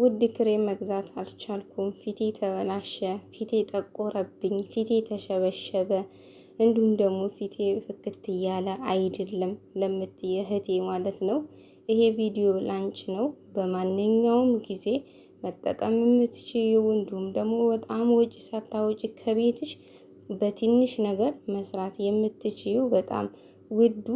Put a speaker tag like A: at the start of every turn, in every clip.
A: ውድ ክሬም መግዛት አልቻልኩም። ፊቴ ተበላሸ፣ ፊቴ ጠቆረብኝ፣ ፊቴ ተሸበሸበ፣ እንዲሁም ደግሞ ፊቴ ፍክት እያለ አይደለም ለምትይ እህቴ ማለት ነው ይሄ ቪዲዮ ላንች ነው። በማንኛውም ጊዜ መጠቀም የምትችይው እንዲሁም ደግሞ በጣም ወጪ ሳታወጪ ከቤትሽ በትንሽ ነገር መስራት የምትችይው በጣም ውዱ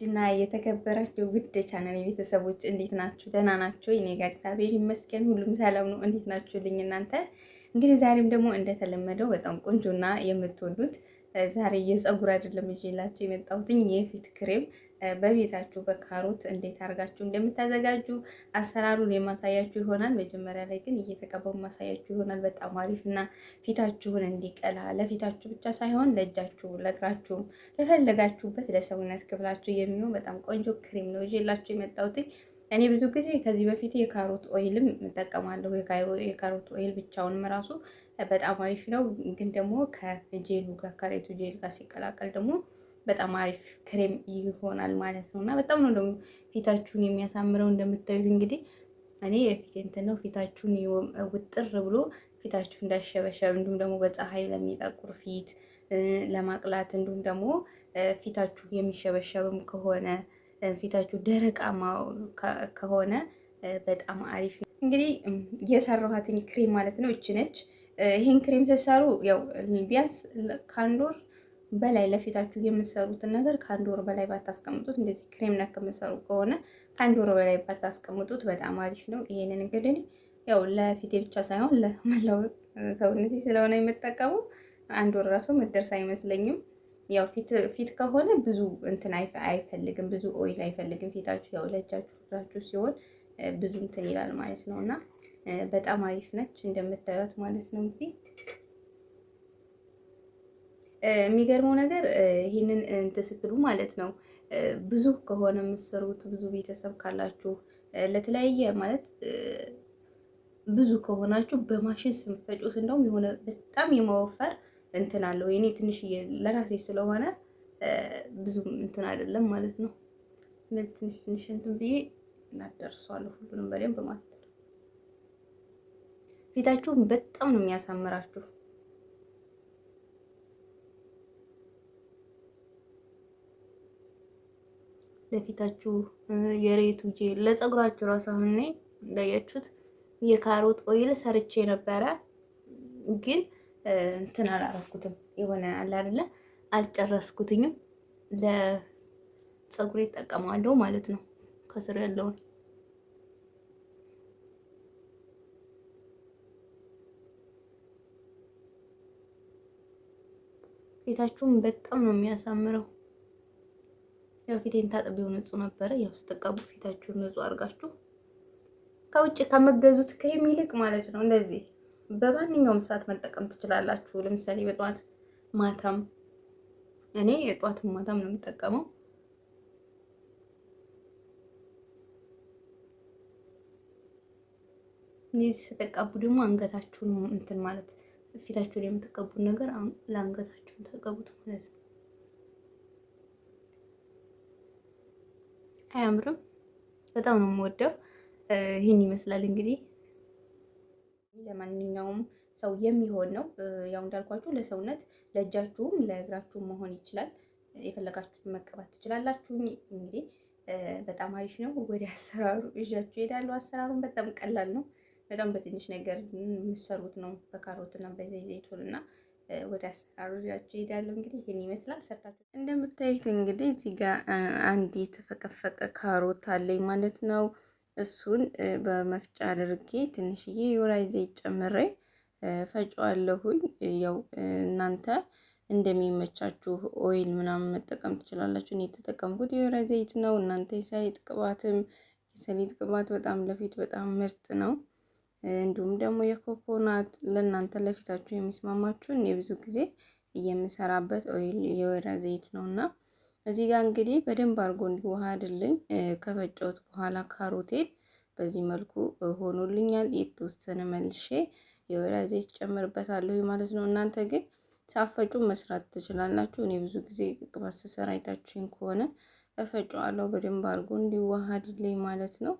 A: ውድና የተከበራችሁ ውድ ቻናል የቤተሰቦች እንዴት ናችሁ? ደህና ናችሁ? እኔ ጋ እግዚአብሔር ይመስገን ሁሉም ሰላም ነው። እንዴት ናችሁልኝ እናንተ? እንግዲህ ዛሬም ደግሞ እንደተለመደው በጣም ቆንጆና የምትወዱት ዛሬ የፀጉር አይደለም ይዤላችሁ የመጣሁትኝ የፊት ክሬም በቤታችሁ በካሮት እንዴት አድርጋችሁ እንደምታዘጋጁ አሰራሩን የማሳያችሁ ይሆናል። መጀመሪያ ላይ ግን እየተቀባው ማሳያችሁ ይሆናል። በጣም አሪፍ እና ፊታችሁን እንዲቀላ ለፊታችሁ ብቻ ሳይሆን ለእጃችሁ፣ ለእግራችሁ፣ ለፈለጋችሁበት ለሰውነት ክፍላችሁ የሚሆን በጣም ቆንጆ ክሬም ነው ይዤላችሁ የመጣሁትኝ። እኔ ብዙ ጊዜ ከዚህ በፊት የካሮት ኦይልም እጠቀማለሁ። የካሮት ኦይል ብቻውንም ራሱ በጣም አሪፍ ነው። ግን ደግሞ ከጄሉ ጋር ከሬቱ ጄል ጋር ሲቀላቀል ደግሞ በጣም አሪፍ ክሬም ይሆናል ማለት ነው እና በጣም ነው ደግሞ ፊታችሁን የሚያሳምረው እንደምታዩት እንግዲህ እኔ እንትን ነው ፊታችሁን ውጥር ብሎ ፊታችሁ እንዳሸበሸብ እንዲሁም ደግሞ በፀሐይ ለሚጠቁር ፊት ለማቅላት እንዲሁም ደግሞ ፊታችሁ የሚሸበሸብም ከሆነ ፊታችሁ ደረቃማ ከሆነ በጣም አሪፍ እንግዲህ የሰራኋትኝ ክሬም ማለት ነው እች ነች። ይህን ክሬም ስትሰሩ ያው ቢያንስ ከአንድ ወር በላይ ለፊታችሁ የምትሰሩትን ነገር ከአንድ ወር በላይ ባታስቀምጡት፣ እንደዚህ ክሬም ነክ የምትሰሩ ከሆነ ከአንድ ወር በላይ ባታስቀምጡት በጣም አሪፍ ነው። ይሄንን እንግዲህ ያው ለፊቴ ብቻ ሳይሆን ለመላው ሰውነቴ ስለሆነ የምጠቀሙ አንድ ወር ራሱ መደርስ አይመስለኝም። ያው ፊት ከሆነ ብዙ እንትን አይፈልግም፣ ብዙ ኦይል አይፈልግም ፊታችሁ ያው ለእጃችሁ ራችሁ ሲሆን ብዙ እንትን ይላል ማለት ነው እና በጣም አሪፍ ነች እንደምታዩት ማለት ነው። እንግዲህ የሚገርመው ነገር ይህንን እንትን ስትሉ ማለት ነው ብዙ ከሆነ የምትሰሩት ብዙ ቤተሰብ ካላችሁ ለተለያየ ማለት ብዙ ከሆናችሁ በማሽን ስንፈጩት እንደውም የሆነ በጣም የመወፈር እንትን አለው። የኔ ትንሽ ለራሴ ስለሆነ ብዙም እንትን አይደለም ማለት ነው። ትንሽ ትንሽ እንትን ብዬ እናደርሰዋለሁ ሁሉንም በደንብ ማለት ነው። ፊታችሁን በጣም ነው የሚያሳምራችሁ። ለፊታችሁ የሬቱ ጄል ለፀጉራችሁ ራሱ አሁን ላይ እንዳያችሁት የካሮት ኦይል ሰርቼ ነበረ፣ ግን እንትን አላረፍኩትም። የሆነ አለ አይደለ አልጨረስኩትኝም። ለፀጉር ይጠቀማለሁ ማለት ነው ከስር ያለውን ፊታችሁን በጣም ነው የሚያሳምረው። ያው ፊቴን ታጥቤው ንጹህ ነበረ። ያው ስትቀቡ ፊታችሁን ንጹህ አድርጋችሁ ከውጭ ከመገዙት ክሬም ይልቅ ማለት ነው እንደዚህ በማንኛውም ሰዓት መጠቀም ትችላላችሁ። ለምሳሌ በጠዋት ማታም፣ እኔ የጠዋትም ማታም ነው የምጠቀመው። እነዚህ ስትቀቡ ደግሞ አንገታችሁን እንትን ማለት ፊታችሁን የምትቀቡት ነገር ለአንገታችሁን ተቀቡት ማለት ነው። አያምርም? በጣም ነው የምወደው። ይህን ይመስላል እንግዲህ ለማንኛውም ሰው የሚሆን ነው። ያው እንዳልኳችሁ ለሰውነት ለእጃችሁም ለእግራችሁም መሆን ይችላል። የፈለጋችሁትን መቀባት ትችላላችሁ። እንግዲህ በጣም አሪፍ ነው። ወደ አሰራሩ ይዣችሁ እሄዳለሁ። አሰራሩን በጣም ቀላል ነው። በጣም በትንሽ ነገር የምሰሩት ነው። በካሮትና በዘይ ዘይቱን እና ወደ አሰራሮቻቸው ይሄዳሉ። እንግዲህ ይህን ይመስላል ሰርታችሁ እንደምታዩት እንግዲህ እዚህ ጋር አንድ የተፈቀፈቀ ካሮት አለኝ ማለት ነው። እሱን በመፍጫ አድርጌ ትንሽዬ ዩራይ ዘይት ጨምሬ ፈጫዋለሁኝ። ያው እናንተ እንደሚመቻችሁ ኦይል ምናምን መጠቀም ትችላላችሁ። እኔ የተጠቀምኩት የወራይ ዘይት ነው። እናንተ የሰሊጥ ቅባትም የሰሊጥ ቅባት በጣም ለፊት በጣም ምርጥ ነው። እንዲሁም ደግሞ የኮኮናት ለእናንተ ለፊታችሁ የሚስማማችሁን የብዙ ጊዜ የምሰራበት ኦይል የወይራ ዘይት ነው እና እዚህ ጋር እንግዲህ በደንብ አድርጎ እንዲዋሃድልኝ ከፈጨሁት በኋላ ካሮቴን በዚህ መልኩ ሆኖልኛል። የተወሰነ መልሼ የወይራ ዘይት ጨምርበታለሁ ማለት ነው። እናንተ ግን ሳፈጩ መስራት ትችላላችሁ። እኔ ብዙ ጊዜ ቅባት ስሰራ አይታችሁኝ ከሆነ እፈጫዋለሁ በደንብ አድርጎ እንዲዋሃድልኝ ማለት ነው።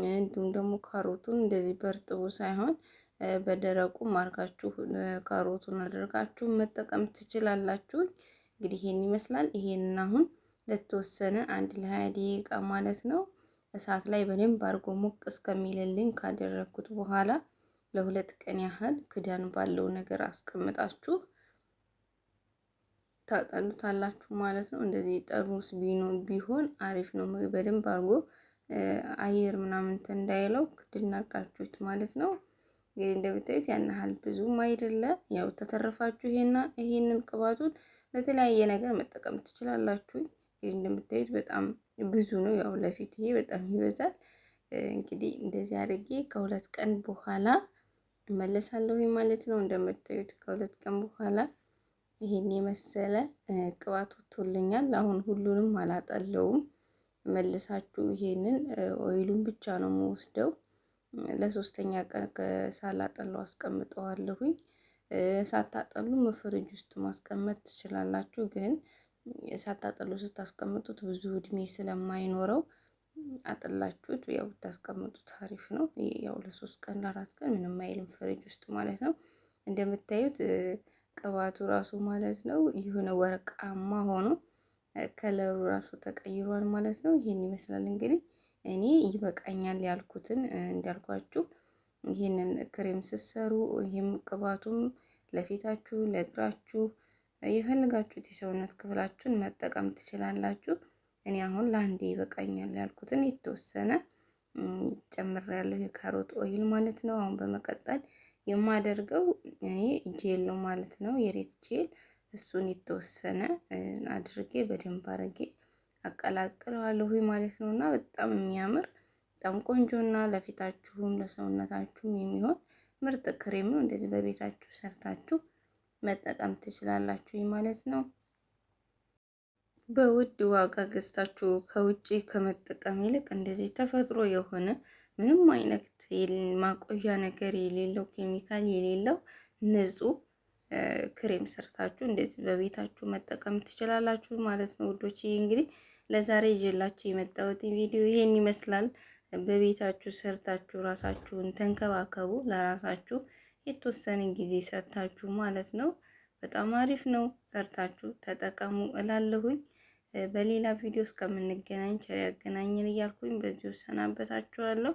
A: እንዲሁም ደግሞ ካሮቱን እንደዚህ በርጥቡ ሳይሆን በደረቁ አድርጋችሁ ካሮቱን አድርጋችሁ መጠቀም ትችላላችሁ። እንግዲህ ይሄን ይመስላል። ይሄንን አሁን ለተወሰነ አንድ ለሀያ ደቂቃ ማለት ነው እሳት ላይ በደንብ አድርጎ ሞቅ እስከሚልልኝ ካደረግኩት በኋላ ለሁለት ቀን ያህል ክዳን ባለው ነገር አስቀምጣችሁ ታጠሉታላችሁ ማለት ነው። እንደዚህ ጠርሙስ ቢሆን አሪፍ ነው። በደንብ አድርጎ አየር ምናምን እንዳይለው ክድል እናርጋችሁት ማለት ነው። እንግዲህ እንደምታዩት ያን ያህል ብዙም አይደለም። ያው ተተረፋችሁ ይሄንን ቅባቱን ለተለያየ ነገር መጠቀም ትችላላችሁ። እንግዲህ እንደምታዩት በጣም ብዙ ነው። ያው ለፊት ይሄ በጣም ይበዛል። እንግዲህ እንደዚህ አድርጌ ከሁለት ቀን በኋላ እመለሳለሁ ማለት ነው። እንደምታዩት ከሁለት ቀን በኋላ ይሄን የመሰለ ቅባት ወጥቶልኛል። አሁን ሁሉንም አላጠለውም። መልሳችሁ ይሄንን ኦይሉን ብቻ ነው የምወስደው። ለሶስተኛ ቀን ሳላጠለው አስቀምጠዋለሁኝ። ሳታጠሉ ፍሪጅ ውስጥ ማስቀመጥ ትችላላችሁ። ግን ሳታጠሉ ስታስቀምጡት ብዙ እድሜ ስለማይኖረው አጥላችሁት ያው ብታስቀምጡት አሪፍ ነው። ያው ለሶስት ቀን ለአራት ቀን ምንም አይልም ፍሪጅ ውስጥ ማለት ነው። እንደምታዩት ቅባቱ ራሱ ማለት ነው የሆነ ወርቃማ ሆኖ ከለሩ ራሱ ተቀይሯል ማለት ነው። ይሄን ይመስላል እንግዲህ እኔ ይበቃኛል ያልኩትን እንዳልኳችሁ ይህንን ክሬም ስትሰሩ ይህም ቅባቱም ለፊታችሁ፣ ለእግራችሁ የፈለጋችሁት የሰውነት ክፍላችሁን መጠቀም ትችላላችሁ። እኔ አሁን ለአንዴ ይበቃኛል ያልኩትን የተወሰነ ያለው የካሮት ኦይል ማለት ነው። አሁን በመቀጠል የማደርገው እኔ ጄል ነው ማለት ነው፣ የሬት ጄል እሱን የተወሰነ አድርጌ በደንብ አድርጌ አቀላቅለዋለሁ ማለት ነው እና በጣም የሚያምር በጣም ቆንጆ እና ለፊታችሁም ለሰውነታችሁም የሚሆን ምርጥ ክሬም ነው። እንደዚህ በቤታችሁ ሰርታችሁ መጠቀም ትችላላችሁ ማለት ነው። በውድ ዋጋ ገዝታችሁ ከውጭ ከመጠቀም ይልቅ እንደዚህ ተፈጥሮ የሆነ ምንም አይነት ማቆያ ነገር የሌለው ኬሚካል የሌለው ንጹህ ክሬም ሰርታችሁ እንደዚህ በቤታችሁ መጠቀም ትችላላችሁ ማለት ነው ውዶች። እንግዲህ ለዛሬ ይዤላችሁ የመጣሁት ቪዲዮ ይሄን ይመስላል። በቤታችሁ ሰርታችሁ ራሳችሁን ተንከባከቡ። ለራሳችሁ የተወሰነ ጊዜ ሰርታችሁ ማለት ነው። በጣም አሪፍ ነው። ሰርታችሁ ተጠቀሙ እላለሁኝ። በሌላ ቪዲዮ እስከምንገናኝ ቸር ያገናኘን እያልኩኝ በዚሁ ሰናበታችኋለሁ።